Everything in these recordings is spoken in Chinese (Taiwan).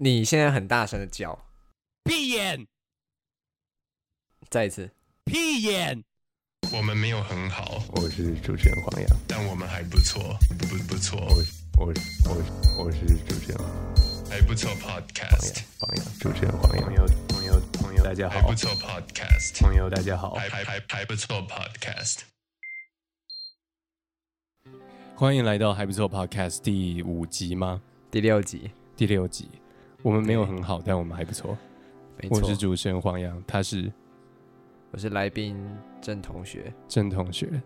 你現在很大聲的叫，閉眼。再一次，閉眼。我們沒有很好，我是主持人黃洋，但我們還不錯，不不錯。我我我我是主持人，還不錯 Podcast 黃洋。黃洋，主持人黃洋，朋友朋友，朋友大家好還，還不錯 Podcast，朋友大家好，還還還不錯 Podcast。歡迎來到還不錯 Podcast 第五集嗎？第六集，第六集。我們沒有很好，對但我們還不錯。沒錯，我是主持人黃洋，他是，我是來賓鄭同學。鄭同學，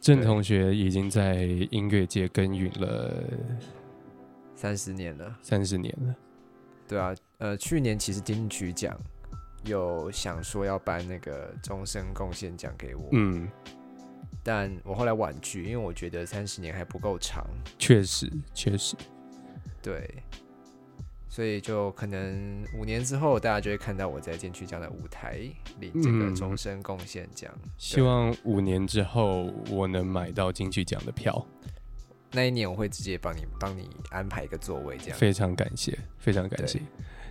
鄭同學已經在音樂界耕耘了三十年了。三十年了。三十年了。對啊，呃，去年其實金曲獎有想說要頒那個終身貢獻獎給我，嗯，但我後來婉拒，因為我覺得三十年還不夠長。確實，確實，對。所以就可能五年之後，大家就會看到我在金曲獎的舞台領這個終身貢獻獎。嗯、對希望五年之後我能買到金曲獎的票，那一年我會直接幫你幫你安排一個座位，這樣。非常感謝，非常感謝。對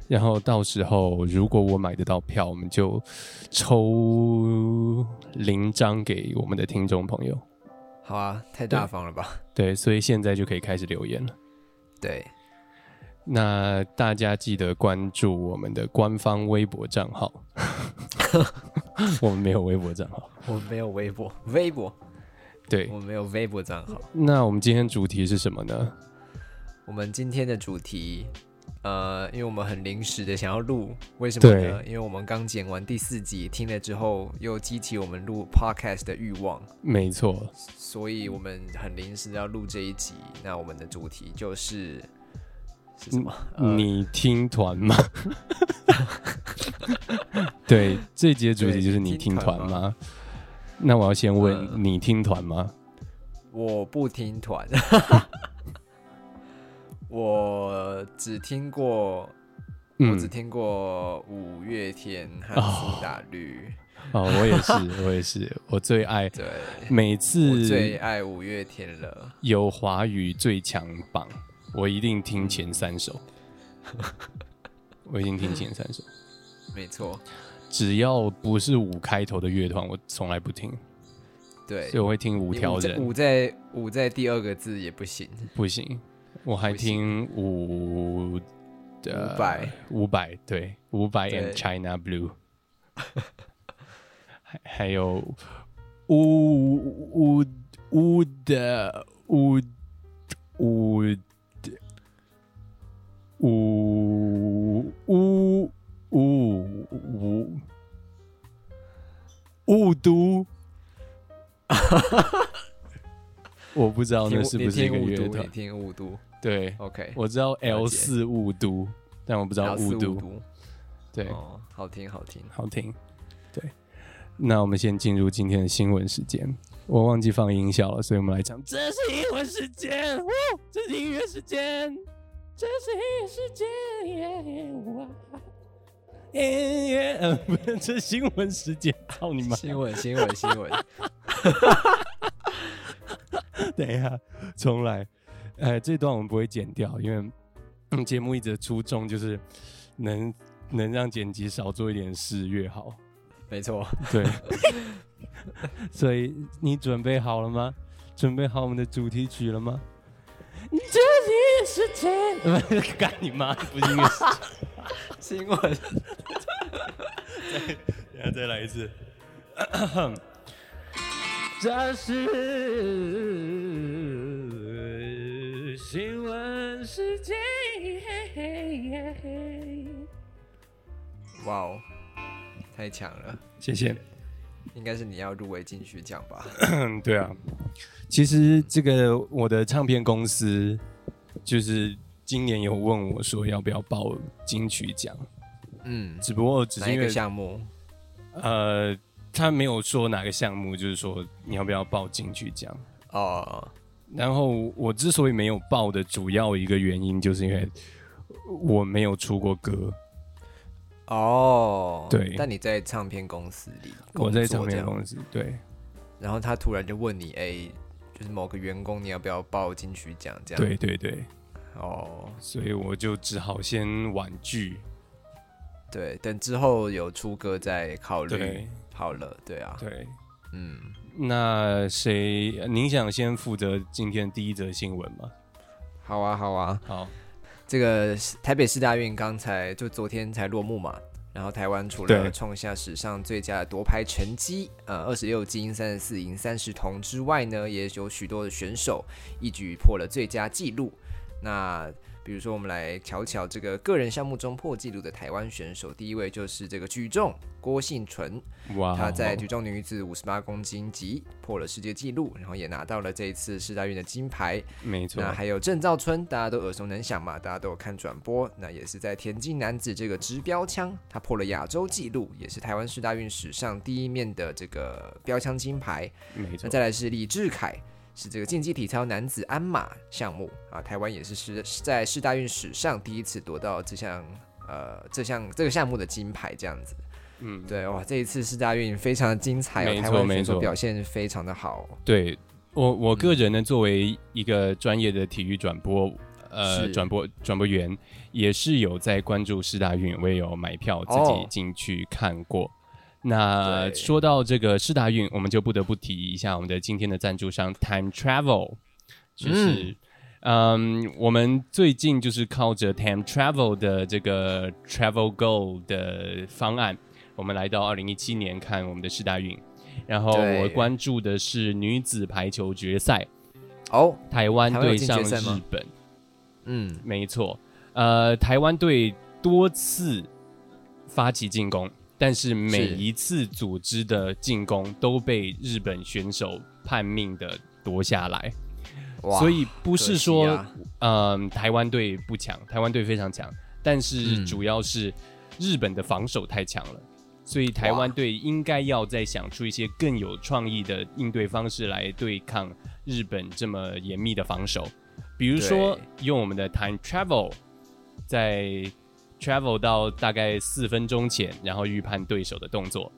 然後到時候如果我買得到票，我們就抽零張給我們的聽眾朋友。好啊，太大方了吧。對。對，所以現在就可以開始留言了。對。那大家記得關注我們的官方微博賬號。 我們沒有微博賬號。我們沒有微博，微博。對，我們沒有微博賬號。那我們今天主題是什麼呢？我們今天的主題，呃，因為我們很臨時的想要錄，為什麼呢？對因為我們剛剪完第四集，聽了之後又激起我們錄 podcast 的慾望。沒錯錯。所以我們很臨時要錄這一集。那我們的主題就是。你聽團嗎？ 對，這節主題就是你聽團嗎？嗯、團嗎，那我要先問你聽團嗎、嗯？我不聽團， 我只聽過，我只聽過五月天和蘇打綠、嗯哦。哦，我也是，我也是， 我最愛。對，每次我最愛五月天了。有華語最強榜。我一定聽前三首， 我已經聽前三首。 沒錯，只要不是五開頭的樂團，我從來不聽。對，所以我會聽五條人。五在五在第二個字也不行，不行。我還聽五伍佰伍佰對伍佰 and 對 China Blue，還 還有五五五的五五。五五五五五都，我不知道那是不是一個五都？你聽五都，對，OK，我知道 L 四五都，但我不知道五都。對，好聽，好聽，好聽，對。那我們先進入今天的新聞時間，我忘記放音效了，所以我們來講，這是英文時間，哇，這是音樂時間。這是新聞時間，嗯、呃，不是，這是新聞時間到你們。新聞，新聞，新聞。 等一下，重來。哎、呃，這段我們不會剪掉，因為節、嗯、目一直的初衷就是能能讓剪輯少做一點事越好。沒錯錯，對。 所以你準備好了嗎？準備好我們的主題曲了嗎？你這。幹時 你媽 新文笑！不是，再來一次。 這是新聞世界哇哦，wow, 太強了！謝謝。應該是你要入圍金曲獎吧 對啊，其實這個我的唱片公司。就是今年有問我說要不要報金曲獎，嗯，只不過只是因為一個項目，呃，他沒有說哪個項目，就是說你要不要報金曲獎。哦，然後我之所以沒有報的主要一個原因，就是因為我沒有出過歌。哦，對，但你在唱片公司裡，我在唱片公司，對，然後他突然就問你、A，哎。就是某個員工，你要不要報金曲獎這樣？對對對，哦，oh. 所以我就只好先婉拒。對，等之後有出歌再考慮。好了，對，對啊，對，嗯，那誰，您想先負責今天第一則新聞嗎？好啊，好啊，好啊，好。這個台北世大運剛才就昨天才落幕嘛。然後台灣除了創下史上最佳的奪牌成績，對呃，二十六金、三十四銀、三十銅之外呢，也有許多的選手一舉一破了最佳紀錄。那比如說，我們來瞧瞧這個個人項目中破紀錄的台灣選手。第一位就是這個舉重郭婞淳，Wow 他在舉重女子五十八公斤級破了世界紀錄，然後也拿到了這一次世大運的金牌。沒錯。那還有鄭兆村，大家都耳熟能詳嘛，大家都有看轉播。那也是在田徑男子這個擲標槍，他破了亞洲紀錄，也是台灣世大運史上第一面的這個標槍金牌。沒錯。那再來是李智凱。是這個競技體操男子鞍馬項目啊，台灣也是是在世大運史上第一次奪到這項呃這項這個項目的金牌這樣子。嗯，對，哇，這一次世大運非常的精彩，哦，沒錯台灣選手表現非常的好。對，我我個人呢，作為一個專業的體育轉播，嗯、呃是轉播轉播員，也是有在關注世大運，我也有買票自己進去看過。哦那說到這個世大運，我們就不得不提一下我們的今天的贊助商 Time Travel。就是，嗯，um, 我們最近就是靠着 Time Travel 的這個 Travel GO 的方案，我們來到二零一七年看我們的世大運。然後我關注的是女子排球決賽，哦對，台灣對上日本。嗯，沒錯。呃，台灣隊多次發起進攻。但是每一次組織的進攻都被日本選手判命的奪下來，哇所以不是說嗯台灣隊不強，台灣隊非常強，但是主要是日本的防守太強了，嗯、所以台灣隊應該要再想出一些更有創意的應對方式來對抗日本這麼嚴密的防守，比如說用我們的 Time Travel 在。Travel 到大概四分鐘前，然後預判對手的動作。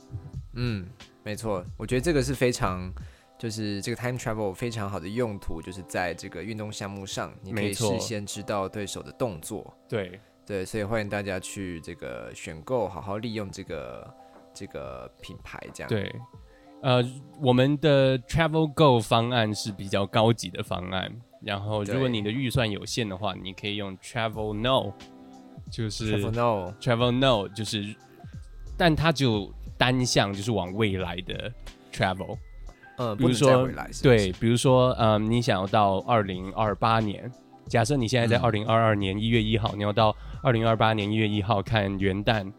嗯，沒錯，我覺得這個是非常，就是這個 Time Travel 非常好的用途，就是在這個運動項目上，你可以事先知道對手的動作。對錯對，所以歡迎大家去這個選購，好好利用這個這個品牌，這樣。對，呃，我們的 Travel Go 方案是比較高級的方案，然後如果你的預算有限的話，對你可以用 Travel No。就是 travel no，travel no 就是，但它只有單向，就是往未來的 travel，呃，比如說對，比如說嗯，你想要到二零二八年，假設你現在在二零二二年一月一號，你要到二零二八年一月一號看元旦，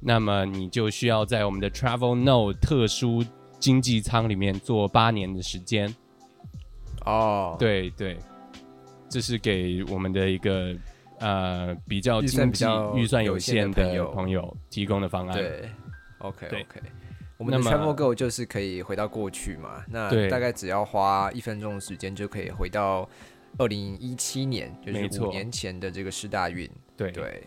那麼你就需要在我們的 travel no 特殊經濟艙裡面坐八年的時間。哦，對對，這是給我們的一個。呃，比較預算比較預算有限的朋友提供的，、嗯、的方案，對，OK 對 OK，我們的 Travel GO 就是可以回到過去嘛，那，麼那大概只要花一分鐘的時間就可以回到二零一七年，就是五年前的這個世大運，對錯對。對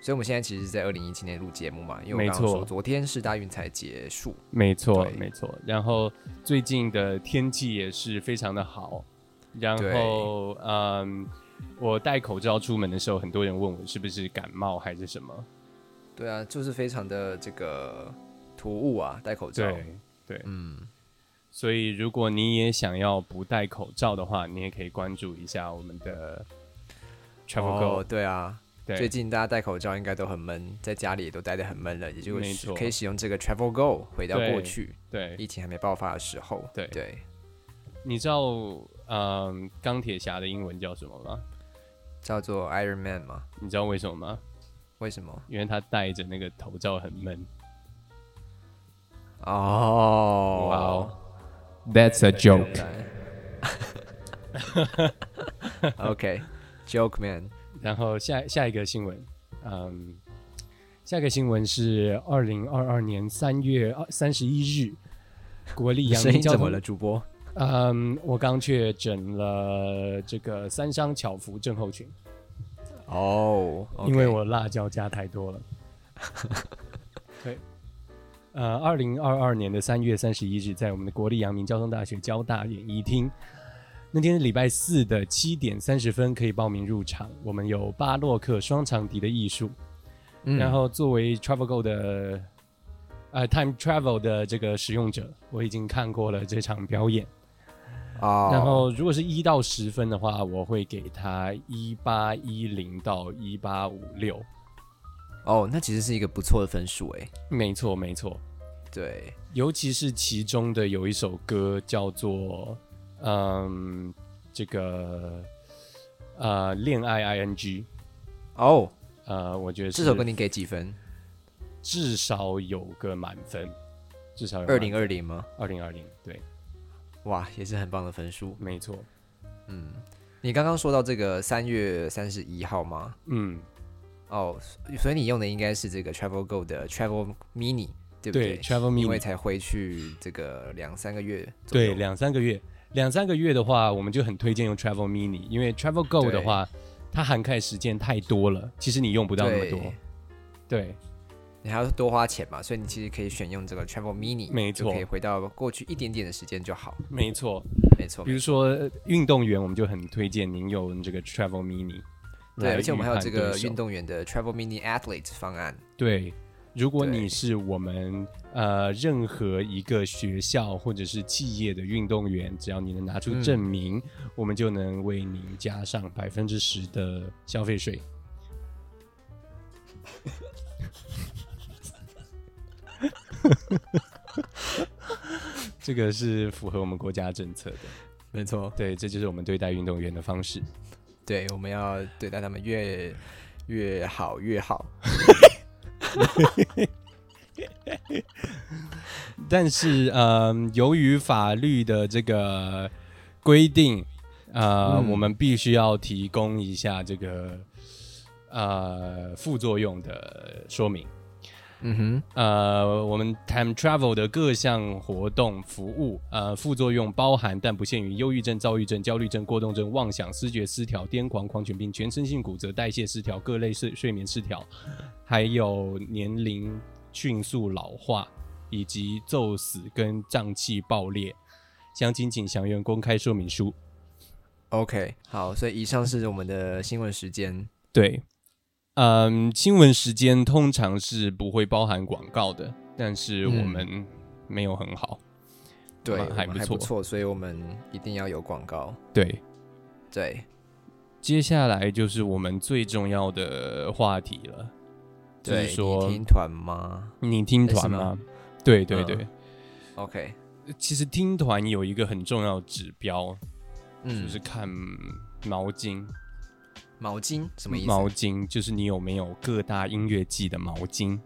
所以，我們現在其實是在二零一七年錄節目嘛，因為我剛剛說，昨天世大運才結束，沒錯錯對沒錯。然後最近的天氣也是非常的好，然後嗯。對 um, 我戴口罩出門的時候，很多人問我是不是感冒還是什麼。對啊，就是非常的這個突兀啊，戴口罩。對對，對嗯。所以如果你也想要不戴口罩的話，你也可以關注一下我們的 Travel Go。Oh, 對啊，對最近大家戴口罩應該都很悶，在家裡也都待得很悶了，也就是可以使用這個 Travel Go 回到過去，對，對疫情還沒爆發的時候。對對，對你知道。嗯，鋼鐵俠的英文叫什麼嗎？叫做 Iron Man 嗎？你知道為什麼嗎？為什麼？因為他戴着那個頭罩很悶。哦、oh,，Wow，that's a joke。 OK，joke、okay. man。 然後下下一個新聞，嗯、um,，下一個新聞是二零二二年三月二三十一日，國立陽明交通。 聲音怎麼了，主播？嗯，um, 我剛確診了這個三商巧福症候群。哦，oh, okay. 因為我辣椒加太多了。 對，呃，二零二二年的三月三十一日，在我們的國立陽明交通大學交大演藝廳，那天是禮拜四的七點三十分可以報名入場。我們有巴洛克雙長笛的藝術。嗯，然後作為 Travel GO 的呃 Time Travel 的這個使用者，我已經看過了這場表演。Oh, 然後，如果是一到十分的話，我會給他一八一零到一八五六。哦，oh, 那其實是一個不錯的分數誒。沒錯，沒錯，對，尤其是其中的有一首歌叫做“嗯，這個呃，戀愛 ING”。哦，oh, 呃，我覺得這首歌你給幾分？至少有個滿分，至少有二零二零嗎？二零二零，對。哇，也是很棒的分數，沒錯錯。嗯，你剛剛說到這個三月三十一號嗎？嗯，哦，所以你用的應該是這個 Travel GO 的 Travel Mini，對不對？對，Travel Mini 因為才回去這個兩三,三個月。對，兩三個月，兩三個月的話，我們就很推薦用 Travel Mini，因為 Travel GO 的話，對它涵蓋時間太多了，其實你用不到那麼多。對。對還要多花錢嘛，所以你其實可以選用這個 Travel Mini，沒錯，可以回到過去一點點的時間就好。沒錯，沒錯。比如說運動員，我們就很推薦您用這個 Travel Mini，對錯，呃、而且我們還有這個運動員的 Travel Mini Athletes 方案。對，如果你是我們對呃任何一個學校或者是企業的運動員，只要你能拿出證明，嗯、我們就能為你加上百分之十的消費稅。 這個是符合我們國家政策的，沒錯。對，這就是我們對待運動員的方式。對，我們要對待他們越越好越好。但是，嗯、呃，由於法律的這個規定，啊、呃，嗯、我們必須要提供一下這個呃副作用的說明。嗯哼，呃，我們 time travel 的各項活動服務，呃，副作用包含但不限於憂鬱症、躁鬱症、焦慮症、過動症、妄想、思覺失調、癲狂、狂犬病、全身性骨折、代謝失調、各類睡睡眠失調，嗯、哼還有年齡迅速老化，以及猝死跟脹氣爆裂。詳情請詳閱公開說明書。OK，好，所以以上是我們的新聞時間。對。嗯，新聞時間通常是不會包含廣告的，但是我們沒有很好，嗯、對，還不錯，不錯，所以我們一定要有廣告。對，對，接下來就是我們最重要的話題了，就是說你聽團嗎？你聽團嗎？對，對，對。OK，其實聽團有一個很重要的指標，就是看毛巾。毛巾什麼意思？毛巾就是你有沒有各大音樂祭的毛巾？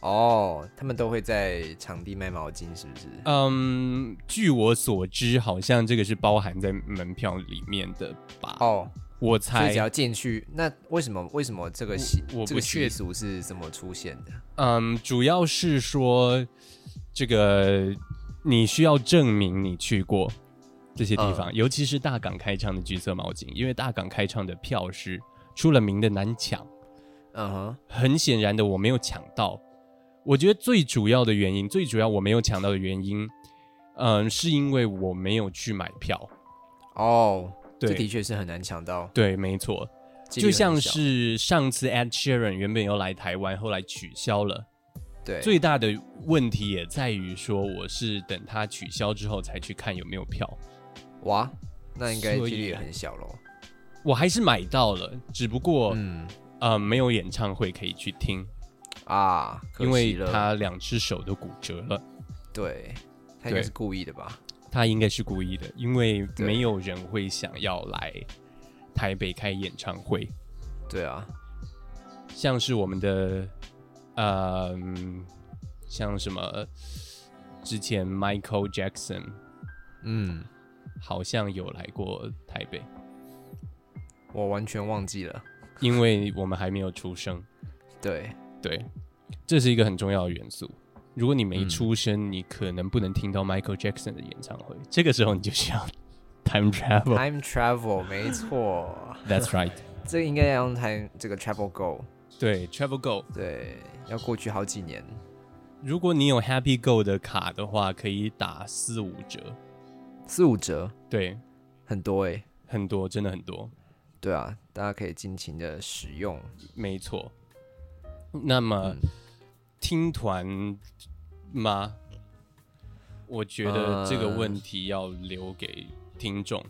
哦，oh, 他們都會在場地賣毛巾，是不是？嗯，um, 據我所知，好像這個是包含在門票裡面的吧？哦，oh, 才，我猜只要進去，那為什麼為什麼這個習這個習俗是怎麼出現的？嗯，um, 主要是說這個你需要證明你去過。這些地方，uh. 尤其是大港開唱的橘色毛巾，因為大港開唱的票是出了名的難搶。嗯哼、uh，huh. 很顯然的，我沒有搶到。我覺得最主要的原因，最主要我沒有搶到的原因，嗯，是因為我沒有去買票。哦、oh, 對，這的確是很難搶到。對，沒錯，就像是上次 Ed Sheeran 原本要來台灣，後來取消了。對，最大的問題也在於說，我是等他取消之後才去看有沒有票。哇，那應該幾率也很小嘍。我還是買到了，只不過嗯、呃、沒有演唱會可以去聽啊，可惜了，因為他兩隻手都骨折了。對，他應該是故意的吧？他應該是故意的，因為沒有人會想要來台北開演唱會。對啊，像是我們的嗯、呃，像什麼之前 Michael Jackson，嗯。好像有來過台北，我完全忘記了， 因為我們還沒有出生。對對，這是一個很重要的元素。如果你沒出生，嗯、你可能不能聽到 Michael Jackson 的演唱會。這個時候你就需要 time travel。time travel 沒錯 ，That's right。 這個應該要用 time 這個 travel go。對 travel go。對，要過去好幾年。如果你有 Happy Go 的卡的話，可以打四五折。四五折，對，很多哎、欸，很多，真的很多，對啊，大家可以盡情的使用，沒錯。那麼、嗯、聽團嗎？我覺得這個問題要留給聽眾。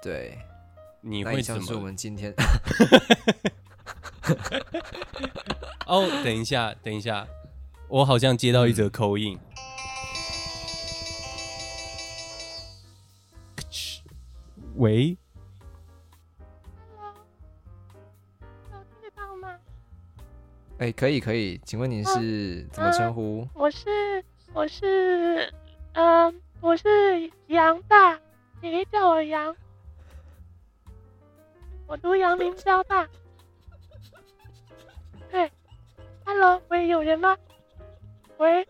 對、嗯，你會想麼？是我們今天哦，等一下，等一下，我好像接到一則 call in。嗯喂，Hello，有聽到嗎？哎、欸，可以可以，請問您是、oh, 怎麼稱呼？我是我是嗯，我是陽、呃、大，你可以叫我陽，我讀陽明交大。對、 hey,，Hello，喂，有人嗎？喂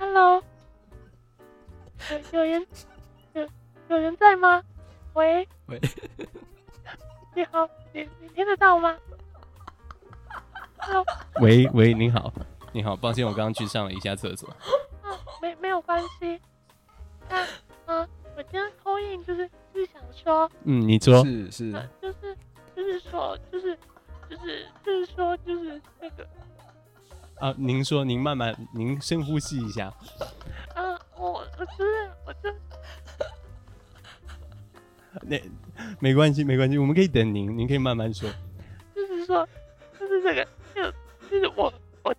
，Hello，有，有人。 有人在嗎？喂，喂，嗎喂，喂，你好，你你聽得到嗎？喂喂，您好，您好，抱歉，我剛剛去上了一下廁所啊。啊，沒沒有關係。啊啊，我今天 call in，就是就是想說，嗯，你說是、啊就是，就是說、就是就是、就是說就是就是就是說就是那個啊，您說，您慢慢，您深呼吸一下。嗯、啊，我我是、就、我是。我那沒關係，沒關係，我們可以等您，您可以慢慢說。就是說，就是這個，就是、就是我我。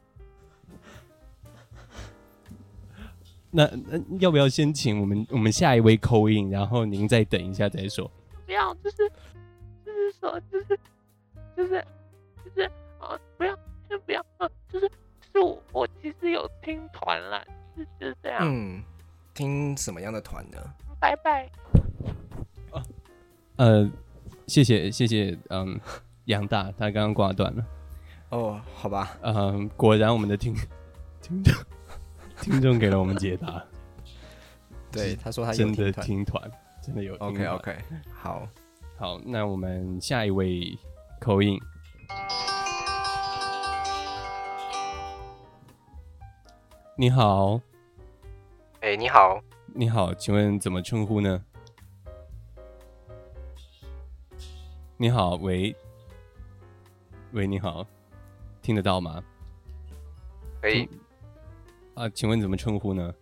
那那要不要先請我們我們下一位 call in，然後您再等一下再說。不要，就是就是說，就是就是就是啊、呃，不要，先不要啊、呃，就是是我我其實有聽團了，就是、就是這樣。嗯，聽什麼樣的團呢？拜拜。呃，謝謝謝謝，嗯，楊大他剛剛掛斷了，哦，oh, 好吧，嗯、呃，果然我們的聽聽眾聽眾給了我們解答， 對，他說他有聽真的聽團，真的有聽團，OK OK，好好，那我們下一位 call in，你好，哎、欸，你好，你好，請問怎麼稱呼呢？你好，喂，喂，你好，聽得到嗎？可以啊，請問怎麼稱呼呢？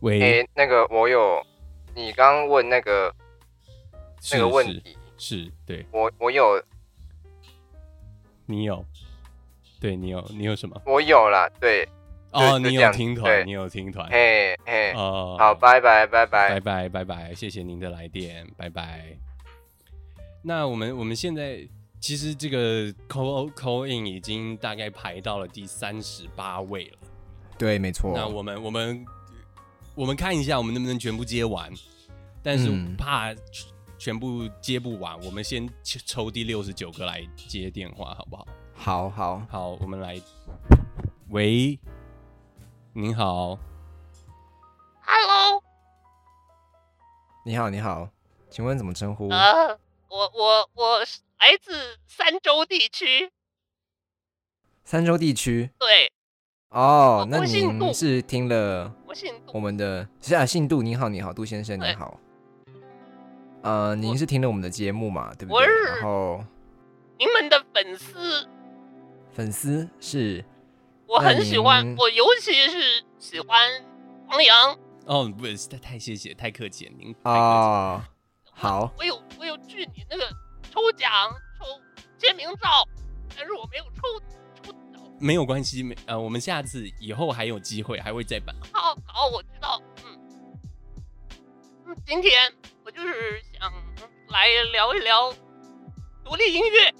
喂，欸，那個我有，你剛剛問那個那個問題，是，是，是對，我我有，你有，對你有，你有什麼？我有啦，對。哦，oh, 你有聽團，對你有聽團，嘿嘿，好，拜拜，拜拜，拜拜，拜拜，謝謝您的來電，拜拜。那我們我們現在其實這個 call call in 已經大概排到了第三十八位了，對，沒錯。那我們我們我們看一下，我們能不能全部接完？但是怕全部接不完，嗯、我們先抽第六十九個來接電話，好不好？好，好，好，好，我們來，喂。你好，Hello，你好，你好，請問怎麼稱呼？呃、uh,，我我我來自三州地區。三州地區。對。哦、oh,，那您是聽了我們的，我姓杜，是啊，姓杜。你好，你好，杜先生，你好。呃對，uh, 您是聽了我們的節目嘛，我對不對？日然後，你們的粉絲，粉絲是。我很喜歡，嗯、我尤其是喜歡王洋。哦，oh, 不是，太太謝謝，太客氣了，您啊，oh, 我好我。我有我有去你那個抽獎抽簽名照，但是我沒有抽抽到沒有關係，沒呃，我們下次以後還有機會，還會再辦。好好，我知道嗯。嗯，今天我就是想來聊一聊獨立音樂。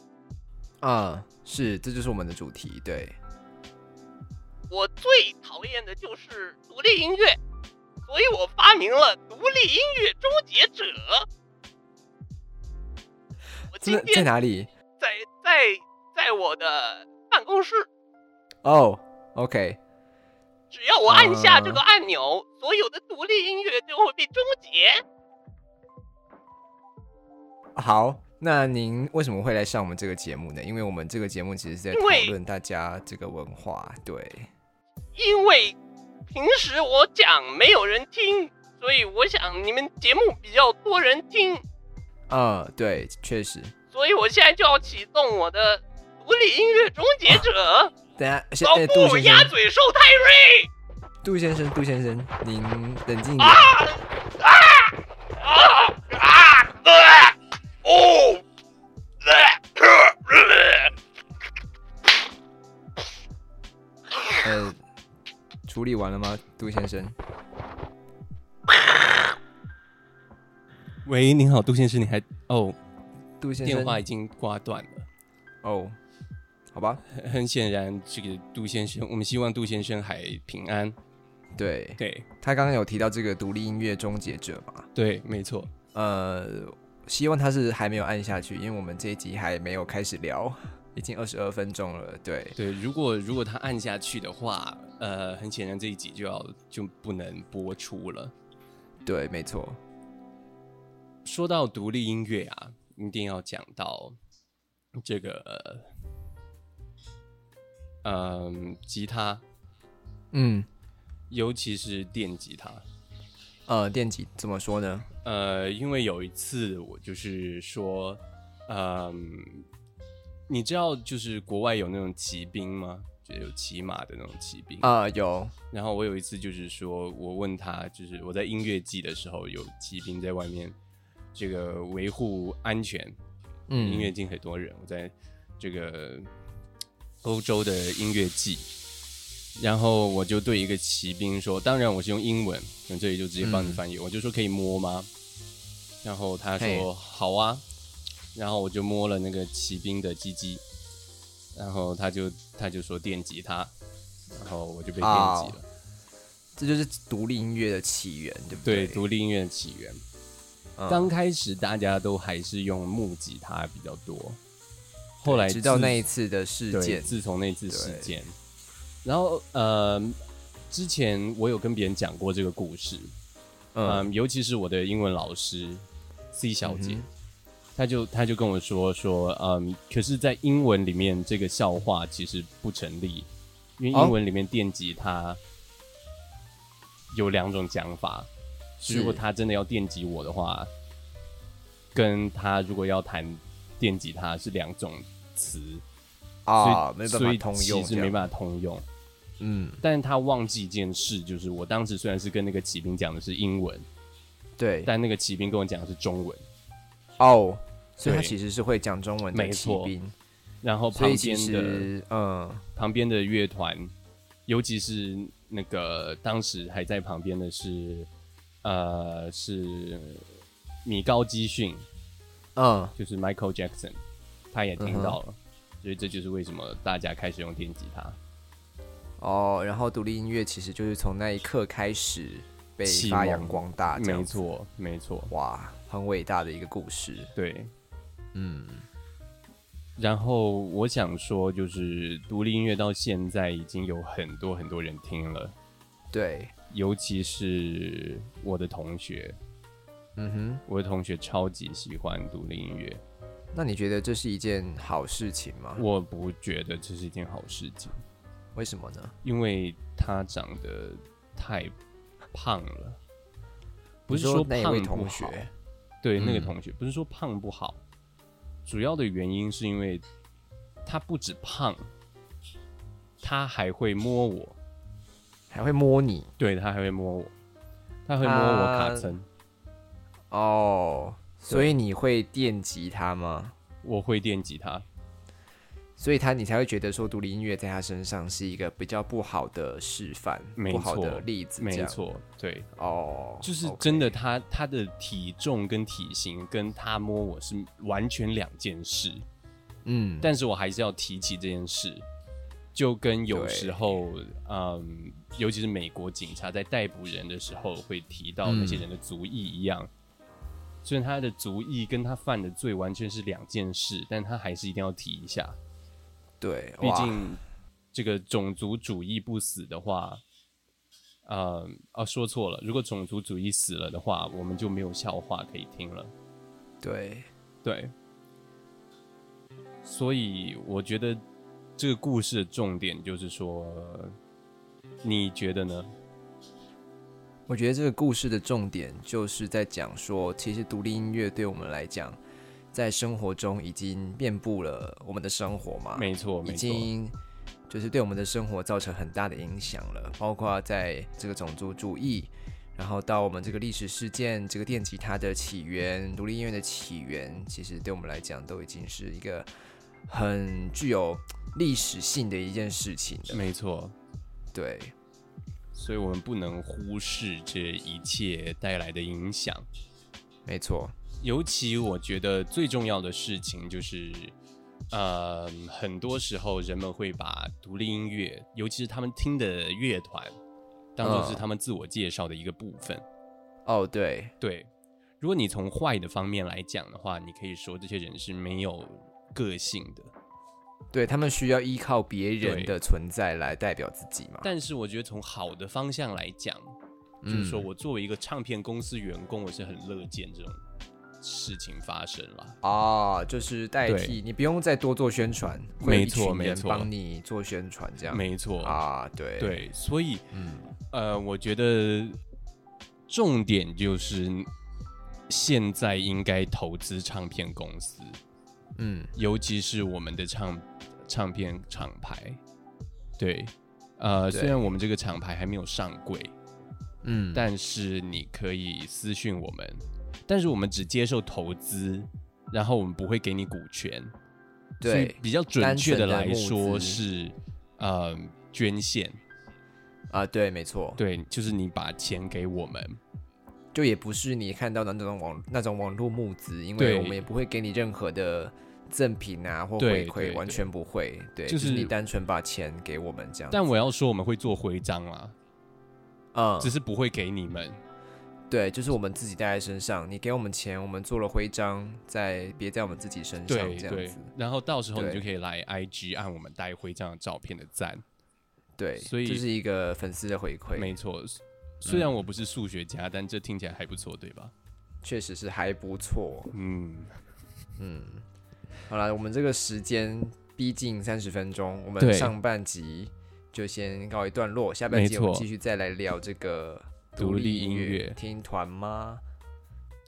啊、嗯，是，這就是我們的主題，對。我最討厭的就是獨立音樂，所以我發明了獨立音樂終結者。在在哪裡？在在在我的辦公室。哦、oh，OK。只要我按下這個按鈕，uh、所有的獨立音樂就會被終結。好，那您為什麼會來上我們這個節目呢？因為我們這個節目其實是在討論大家這個文化，因為，對。因為平時我講沒有人聽，所以我想你們節目比較多人聽。啊、呃，對，確實。所以我現在就要啟動我的獨立音樂終結者，等下，先別動我鴨嘴獸泰瑞。杜先生，杜先生，您冷靜一點。啊啊啊，啊、呃！哦。啊、呃。呃 呃獨立完了嗎，杜先生？喂，您好，杜先生，你還哦？杜先生，電話已經掛斷了。哦，好吧。很顯然，這個杜先生，我們希望杜先生還平安。對，對，他剛剛有提到這個獨立音樂終結者嘛？對，沒錯。呃，希望他是還沒有按下去，因為我們這一集還沒有開始聊。已經二十二分鐘了，對對，如果如果他按下去的話，呃，很顯然這一集就要就不能播出了，對，沒錯。說到獨立音樂啊，一定要講到這個，嗯、呃，吉他，嗯，尤其是電吉他，呃，電吉怎麼說呢？呃，因為有一次我就是說，嗯、呃。你知道就是國外有那種騎兵嗎？就是、有騎馬的那種騎兵啊，uh, 有。然後我有一次就是說，我問他，就是我在音樂季的時候有騎兵在外面這個維護安全。嗯，音樂季很多人，嗯、我在這個歐洲的音樂季，然後我就對一個騎兵說，當然我是用英文，那這裡就直接幫你翻譯，嗯、我就說可以摸嗎？然後他說 Hey. 好啊。然後我就摸了那個騎兵的雞雞，然後他就他就說電吉他，然後我就被電擊了。啊、這就是獨立音樂的起源，對不對？對，獨立音樂的起源，剛、嗯、開始大家都還是用木吉他比較多。嗯、後來直到那一次的事件，自從那次事件，對然後呃，之前我有跟別人講過這個故事，嗯、呃，尤其是我的英文老師 C 小姐。嗯他就他就跟我說說嗯，可是，在英文裡面這個笑話其實不成立，因為英文裡面電吉他有兩種講法，啊、如果他真的要電擊我的話，是跟他如果要彈電吉他是兩種詞啊，所以所以其實沒辦法通用，嗯，但是他忘記一件事，就是我當時雖然是跟那個騎兵講的是英文，對，但那個騎兵跟我講的是中文哦。Oh. 所以他其實是會講中文的騎兵沒錯，然後旁邊的嗯旁邊的樂團，尤其是那個當時還在旁邊的是呃是米高積遜，嗯，就是 Michael Jackson，他也聽到了，嗯、哼所以這就是為什麼大家開始用電吉他，哦，然後獨立音樂其實就是從那一刻開始被發揚光大，沒錯沒錯，哇，很偉大的一個故事，對。嗯，然後我想說，就是獨立音樂到現在已經有很多很多人聽了，對，尤其是我的同學，嗯哼，我的同學超級喜歡獨立音樂，那你覺得這是一件好事情嗎？我不覺得這是一件好事情，為什麼呢？因為他長得太胖了，不是說胖，是說同學，對、嗯、那個同學，不是說胖不好。主要的原因是因為他不止胖，他還會摸我，還會摸你。對，他還會摸我，他會摸我卡稱。哦，所以你會電吉他嗎？我會電吉他。所以他你才會覺得說，獨立音樂在他身上是一個比較不好的示範，沒錯不好的例子，沒錯，對，哦、oh，就是真的他，他 Okay. 他的體重跟體型跟他摸我是完全兩件事，嗯，但是我還是要提起這件事，就跟有時候，對嗯，尤其是美國警察在逮捕人的時候會提到那些人的族裔一樣，雖然、嗯、他的族裔跟他犯的罪完全是兩件事，但他還是一定要提一下。對，畢竟這個種族主義不死的話，哇呃，啊，說錯了，如果種族主義死了的話，我們就沒有笑話可以聽了。對，對，所以我覺得這個故事的重點就是說，你覺得呢？我覺得這個故事的重點就是在講說，其實獨立音樂對我們來講。在生活中已經遍佈了我們的生活嘛。沒錯，沒錯，已經就是對我們的生活造成很大的影響了。包括在這個種族主義，然後到我們這個歷史事件，這個電吉他的起源、獨立音樂的起源，其實對我們來講都已經是一個很具有歷史性的一件事情了。沒錯，對，所以我們不能忽視這一切帶來的影響。沒錯。尤其我覺得最重要的事情就是，呃，很多時候人們會把獨立音樂，尤其是他們聽的樂團，當做是他們自我介紹的一個部分。哦，對對。如果你從壞的方面來講的話，你可以說這些人是沒有個性的，對他們需要依靠別人的存在來代表自己嘛。但是我覺得從好的方向來講，就是說我作為一個唱片公司員工，嗯，我是很樂見這種。事情發生了啊，就是代替對你不用再多做宣傳，沒錯沒錯，幫你做宣傳這樣，沒錯啊，對對，所以嗯呃，我覺得重點就是現在應該投資唱片公司，嗯，尤其是我們的唱唱片廠牌，對，呃，對雖然我們這個廠牌還沒有上櫃，嗯，但是你可以私訊我們。但是我們只接受投資，然後我們不會給你股權，對，比較準確的來說是，呃，捐獻，啊，對，沒錯，對，就是你把錢給我們，就也不是你看到的那種網那種網絡募資，因為我們也不會給你任何的贈品啊，或回饋，完全不會，對，就是、就是你單純把錢給我們這樣。但我要說我們會做徽章啦、啊，嗯，只是不會給你們。對，就是我們自己戴在身上。你給我們錢，我們做了徽章，再別在我們自己身上對這樣子對。然後到時候你就可以來 IG 按我們帶徽章的照片的讚。對，所以這是一個粉絲的回饋。沒錯，雖然我不是數學家，嗯、但這聽起來還不錯，對吧？確實是還不錯。嗯嗯，好了，我們這個時間逼近三十分鐘，我們上半集就先告一段落。對下半集我們繼續再來聊這個。獨立音樂聽團嗎？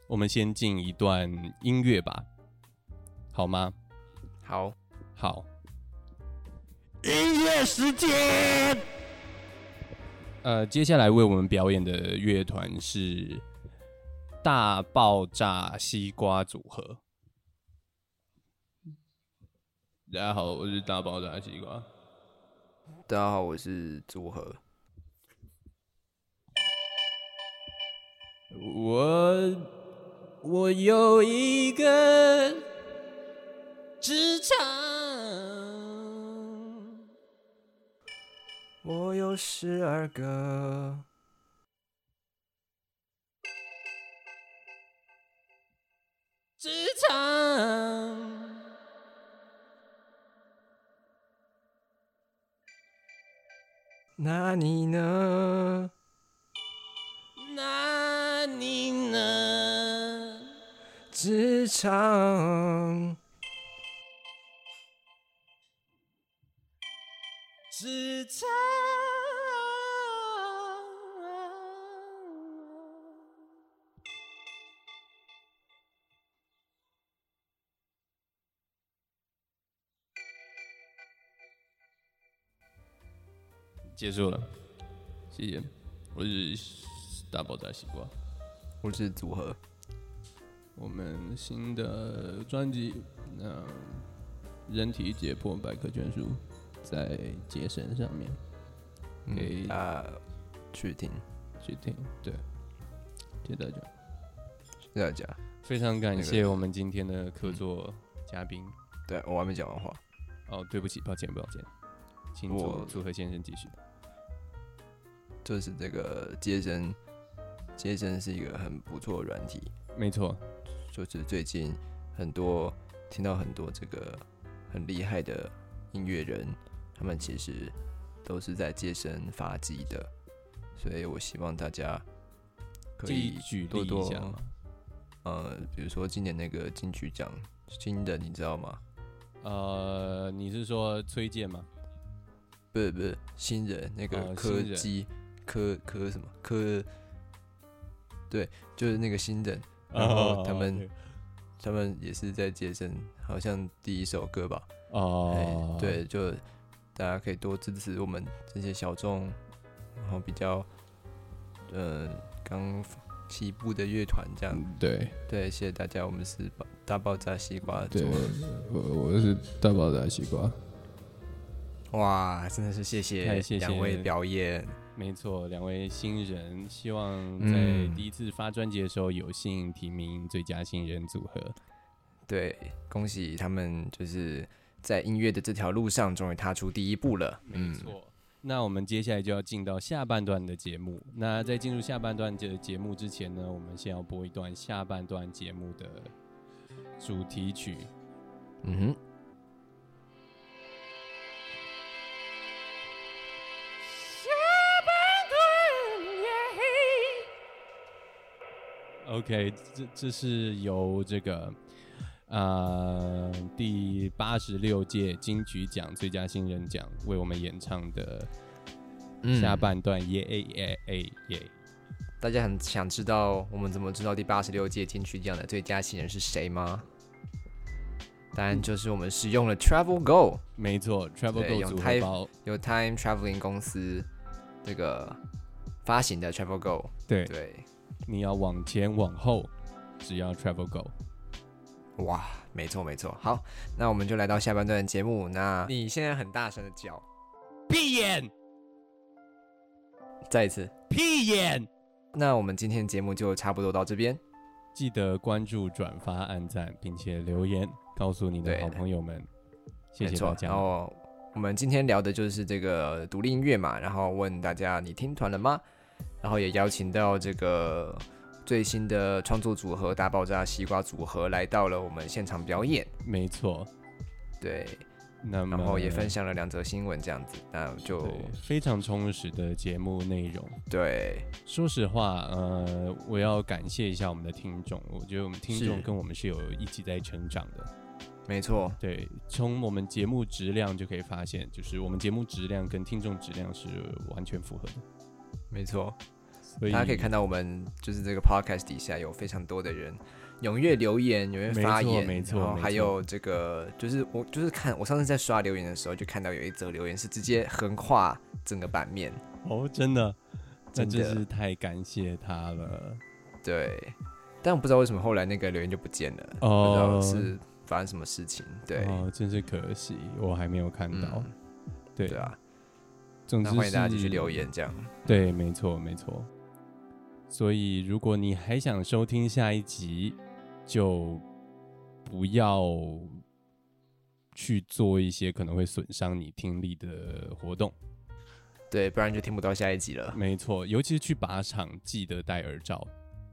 我們先進一段音樂吧，好嗎？好好，好音樂時間。呃，接下來為我們表演的樂團是大爆炸西瓜組合。大家好，我是大爆炸西瓜。大家好，我是組合。我有一個職場，我有十二個職場，那你呢？自唱，自唱，唱、啊、唱，結束了，謝謝，我是大爆炸西瓜，我是組合。我們新的專輯《那人體解剖百科全書》在街聲上面，嗯，可以啊，去聽去聽，對，謝謝大家，謝謝大家，非常感謝我們今天的客座嘉賓，嗯。對我還沒講完話，哦，對不起，抱歉，抱歉，請我杜先生繼續。就是這個街聲，街聲是一個很不錯軟體，沒錯。就是最近很多聽到很多這個很厲害的音樂人，他們其實都是在街聲發跡的，所以我希望大家可以多多舉例一下嗎？呃，比如說今年那個金曲獎新人，你知道嗎？呃，你是說崔健嗎？不是不是新人，那個柯基柯柯、哦、什麼柯？對，就是那個新人。然後他們，oh, okay. 他們也是在接生，好像第一首歌吧。哦，oh, 哎，對，就大家可以多支持我們這些小眾，然後比較，呃，剛起步的樂團這樣。對，對，謝謝大家，我們是大爆炸西瓜。對，我我，我是大爆炸西瓜。哇，真的是謝謝兩位表演。沒錯，兩位新人希望在第一次發專輯的時候有幸提名最佳新人組合。嗯、對，恭喜他們，就是在音樂的這條路上終於踏出第一步了。嗯、沒錯，那我們接下來就要進到下半段的節目。那在進入下半段的節目之前呢，我們先要播一段下半段節目的主題曲。嗯哼。OK，這這是由這個呃第八十六屆金曲獎最佳新人獎為我們演唱的下半段耶耶耶耶。大家很想知道我們怎麼知道第八十六屆金曲獎的最佳新人是誰嗎？當然就是我們使用了 Travel Go，嗯，沒錯，Travel Go 組合包，用 type，有 Time Traveling 公司這個發行的 Travel Go，對對。對你要往前往後，只要 Travel GO。哇，沒錯沒錯，好，那我們就來到下半段節目。那你現在很大聲的叫，閉眼。再一次，閉眼。那我們今天節目就差不多到這邊，記得關注、轉發、按讚，並且留言告訴你的好朋友們。對謝謝大家。哦，然後我們今天聊的就是這個獨立音樂嘛，然後問大家你聽團了嗎？然後也邀請到這個最新的創作組合大爆炸西瓜組合來到了我們現場表演，沒錯，對，那麼然後也分享了兩則新聞這樣子，那就非常充實的節目內容。對，說實話，呃，我要感謝一下我們的聽眾，我覺得我們聽眾跟我們是有一起在成長的，沒錯，對，從我們節目質量就可以發現，就是我們節目質量跟聽眾質量是完全符合的。沒錯，所以大家可以看到，我們就是這個 podcast 底下有非常多的人踴躍留言、踴躍發言，沒錯，沒錯，然後還有這個，就是我就是看我上次在刷留言的時候，就看到有一則留言是直接橫跨整個版面哦，真的，真的是太感謝他了。對，但我不知道為什麼後來那個留言就不見了，哦，然後是發生什麼事情。對，哦，真是可惜，我還沒有看到。嗯、對，對啊。之總，那歡迎大家繼續留言。這樣對，沒錯，沒錯。所以，如果你還想收聽下一集，就不要去做一些可能會損傷你聽力的活動。對，不然就聽不到下一集了。沒錯，尤其是去靶場，記得戴耳罩，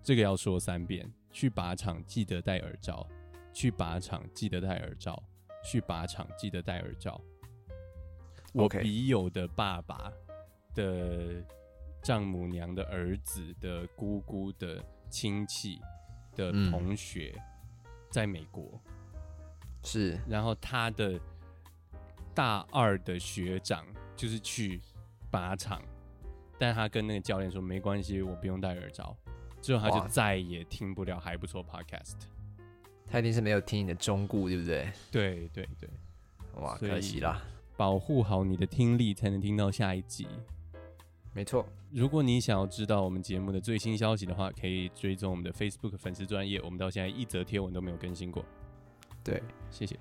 這個要說三遍。去靶場記得戴耳罩，去靶場記得戴耳罩，去靶場記得戴耳罩。去靶場記得 Okay. 我筆友的爸爸的丈母娘的兒子的姑姑的親戚的同學在美國，嗯、是。然後他的大二的學長就是去靶場，但他跟那個教練說沒關係，我不用戴耳罩。之後他就再也聽不了還不錯 Podcast。他一定是沒有聽你的忠告，對不對？對對對，對對哇，以可惜啦。保護好你的聽力，才能聽到下一集。沒錯錯，如果你想要知道我們節目的最新消息的話，可以追蹤我們的 Facebook 粉絲專頁。我們到現在一則貼文都沒有更新過。對，謝謝，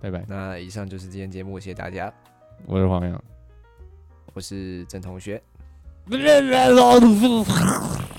拜拜。那以上就是今天節目，謝謝大家。我是黃洋，嗯、我是鄭同學。